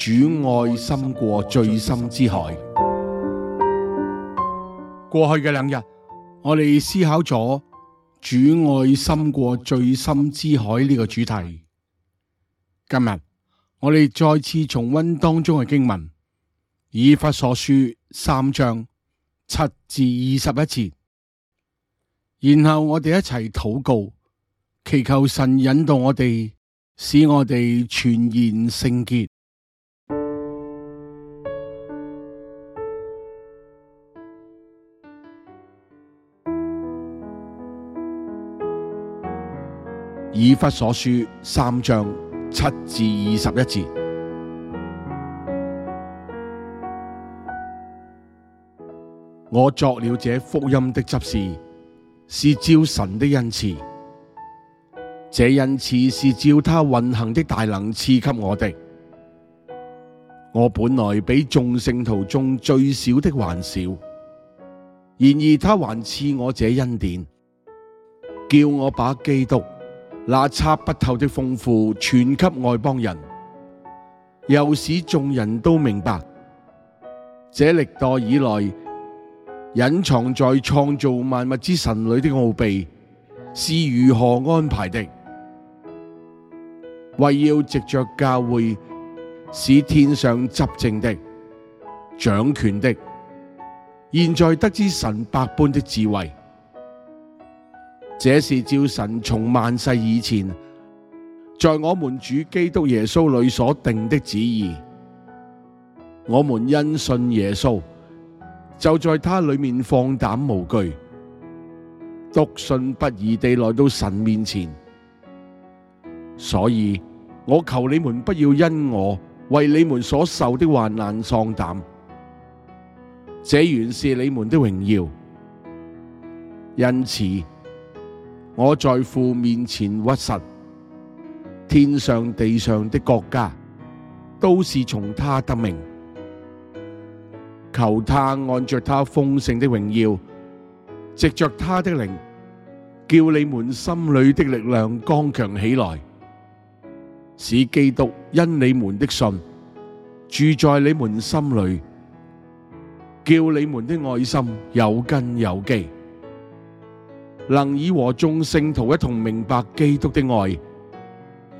主愛深過最深之海。過去嘅兩日，我哋思考咗主愛深過最深之海呢個主題。今日我哋再次重溫當中嘅經文，以弗所書三章七至二十一節，然後我哋一齊禱告，祈求神引導我哋，使我哋全然聖潔。以弗所書三章七至二十一節，我作了這福音的執事，是照神的恩賜；這恩賜是照他運行的大能賜給我的。我本來比眾聖徒中最小的還少，然而他還賜我這恩典，叫我把基督那測不透的豐富傳給外邦人，又使眾人都明白，這歷代以來隱藏在創造萬物之神裏的奧秘是如何安排的，為要藉着教會使天上執政的掌權的，現在得知神百般的智慧。這是照神從萬世以前，在我們主基督耶穌裏所定的旨意，我們因信耶穌，就在他裏面放膽無懼，篤信不疑地來到神面前。所以，我求你們不要因我為你們所受的患難喪膽，這原是你們的榮耀。因此，我在父面前屈膝，天上地上的國家都是從他得名，求他按着他豐盛的榮耀，藉着他的靈，叫你們心裏的力量剛強起來，使基督因你們的信住在你們心裏，叫你們的愛心有根有基。能以和眾聖徒一同明白基督的愛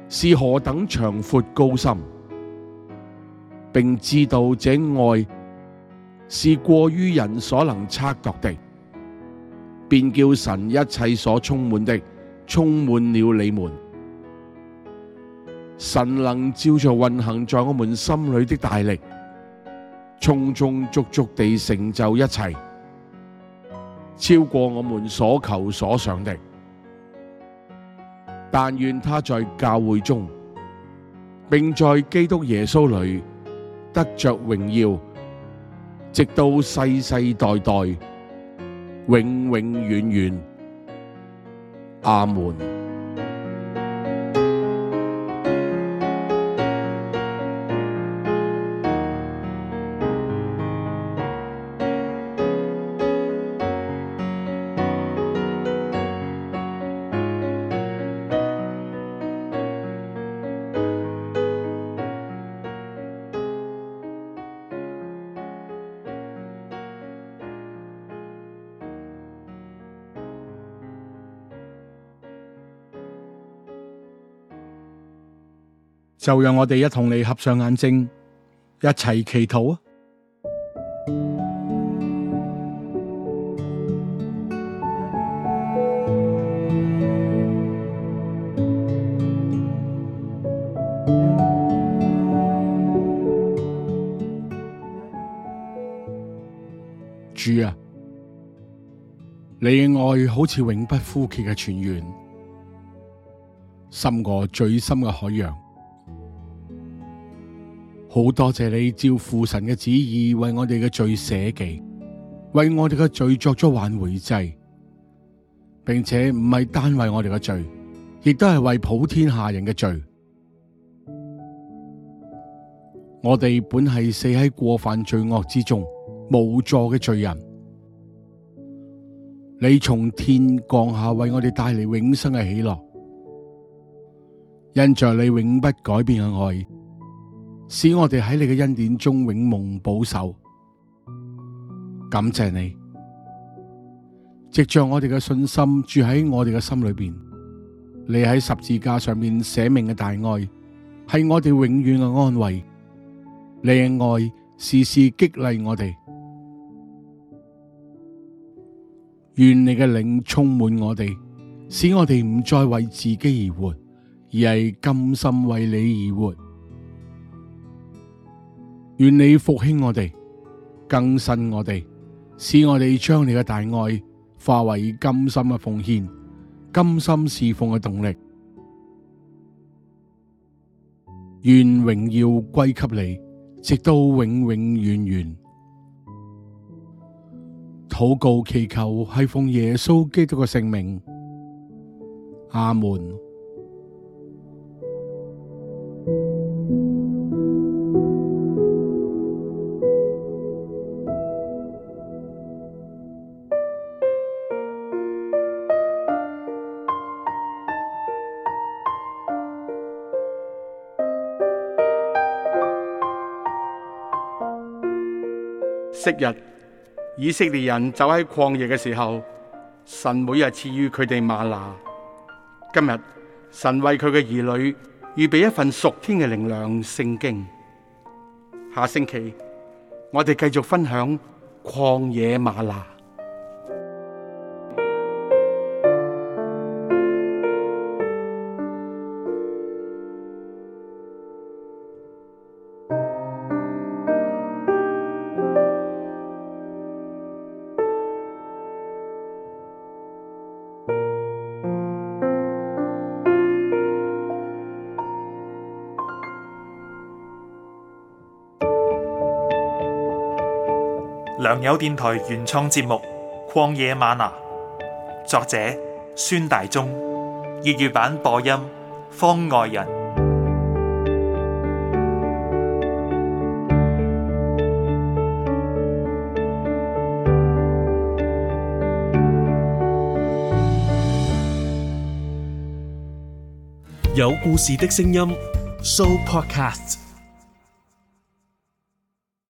是何等長闊高深，並知道這愛是過於人所能察覺的，便叫神一切所充滿的充滿了你們。神能照着運行在我們心裏的大力，充充足足地成就一切。超過我們所求所想的，但願他在教會中，並在基督耶穌裏得着榮耀，直到世世代代，永永遠遠。阿門。就讓我哋一同你合上眼睛，一齊祈禱啊！主啊，你嘅愛好似永不枯竭嘅泉源，深過最深嘅海洋。好多謝，謝你照父神嘅旨意，為我哋嘅罪捨己，為我哋嘅罪作咗挽回祭，並且唔係單為我哋嘅罪，亦都係為普天下人嘅罪。我哋本係死喺過犯罪惡之中，無助嘅罪人。你從天降下，為我哋帶嚟永生嘅喜樂，因着你永不改變嘅愛，使我哋喺你嘅恩典中永蒙保守，感謝你，藉着，我哋嘅信心住喺我哋嘅心裏邊。你喺十字架上面寫明嘅大愛，係我哋永遠嘅安慰。你嘅愛時時激勵我哋，願你嘅靈充滿我哋，使我哋唔再為自己而活，而係甘心為你而活。願你復興我哋，更新我哋，使我哋將你嘅大愛化為甘心嘅奉獻、甘心侍奉嘅動力。願榮耀歸給你，直到永永遠遠。禱告祈求係奉耶穌基督嘅聖名。阿門。昔日以色列人走喺曠野嘅時候，神每日賜予佢哋嗎哪。今日神為佢嘅兒女預備一份屬天嘅靈糧聖經。下星期我哋繼續分享曠野嗎哪。良友電台原創節目《曠野嗎哪》，作者孫大中，粵語版播音方外人，有故事的聲音，Show Podcast。